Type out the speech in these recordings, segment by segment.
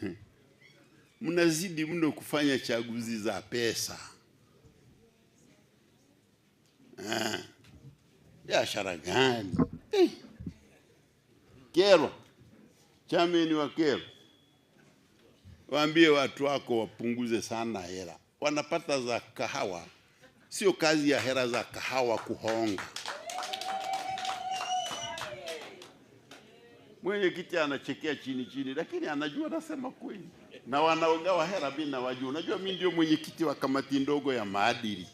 Hmm. mnazidi mno kufanya chaguzi za pesa. Biashara gani? Eh, Kerwa, chameni wa Kerwa, waambie watu wako wapunguze sana hela wanapata za kahawa. Sio kazi ya hela za kahawa kuhonga. Mwenyekiti anachekea chini chini, lakini anajua anasema kweli, na wanaogawa hela mimi nawajua. Unajua mimi ndio mwenyekiti wa kamati ndogo ya maadili,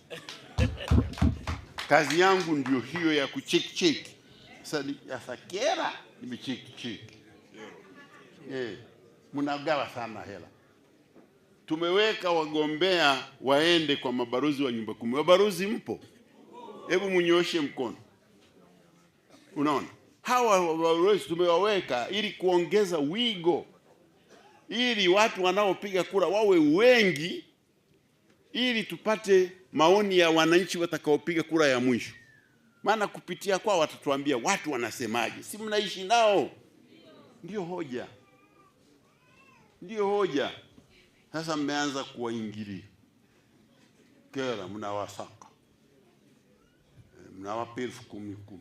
kazi yangu ndio hiyo ya kucheki cheki. Sasa kera nimecheki cheki eh, mnagawa sana hela. Tumeweka wagombea waende kwa mabarozi wa nyumba kumi. Wabarozi mpo? Hebu mnyoshe mkono. Unaona? hawa walowezi tumewaweka ili kuongeza wigo, ili watu wanaopiga kura wawe wengi, ili tupate maoni ya wananchi watakaopiga kura ya mwisho. Maana kupitia kwao watatuambia watu wanasemaje, si mnaishi nao? Ndiyo hoja, ndiyo hoja. Sasa mmeanza kuwaingilia kera, mnawasaka, mnawapa elfu kumi kumi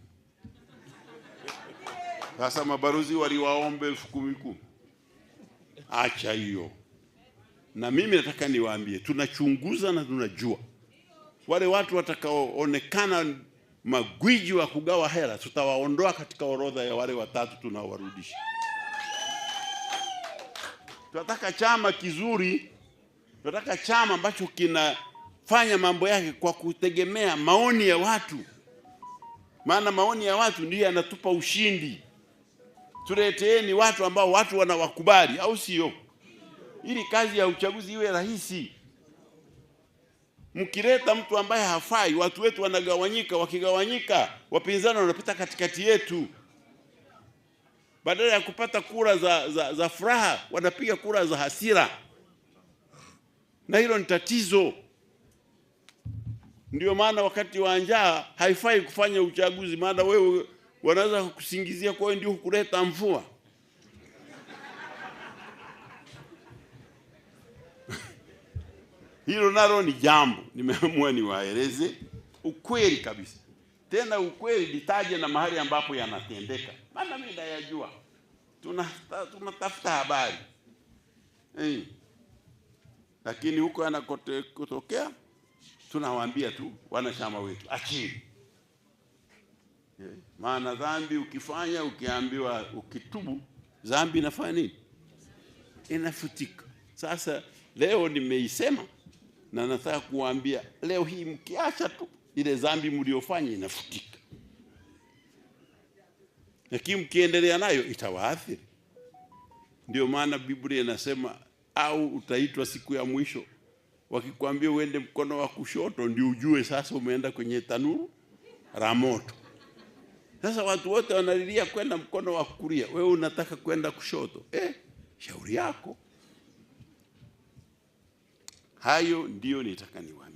sasa mabaruzi waliwaomba elfu kumi kumi. Acha hiyo. Na mimi nataka niwaambie, tunachunguza na tunajua wale watu watakaoonekana magwiji wa kugawa hela, tutawaondoa katika orodha ya wale watatu tunaowarudisha. Tunataka chama kizuri, tunataka chama ambacho kinafanya mambo yake kwa kutegemea maoni ya watu, maana maoni ya watu ndiyo yanatupa ushindi tuleteeni watu ambao watu wanawakubali, au sio? Ili kazi ya uchaguzi iwe rahisi. Mkileta mtu ambaye hafai, watu wetu wanagawanyika. Wakigawanyika, wapinzani wanapita katikati yetu, badala ya kupata kura za, za, za furaha wanapiga kura za hasira, na hilo ni tatizo. Ndio maana wakati wa njaa haifai kufanya uchaguzi, maana wewe wanaweza kusingizia kwa hiyo ndio kuleta mvua. Hilo nalo ni jambo nimeamua niwaeleze ukweli kabisa, tena ukweli litaje na mahali ambapo yanatendeka, maana mimi nayajua. Tunatafuta tuna, habari hey. Lakini huko anakotokea tunawaambia tu wanachama wetu achini maana dhambi ukifanya, ukiambiwa, ukitubu dhambi inafanya nini? Inafutika. Sasa leo nimeisema na nataka kuwaambia leo hii, mkiacha tu ile dhambi mliofanya inafutika, lakini mkiendelea nayo itawaathiri. Ndio maana Biblia inasema au utaitwa siku ya mwisho, wakikwambia uende mkono wa kushoto, ndio ujue sasa umeenda kwenye tanuru la moto. Sasa watu wote wanalilia kwenda mkono wa kulia, wewe unataka kwenda kushoto. Eh, shauri yako. Hayo ndiyo nitaka niwaambie.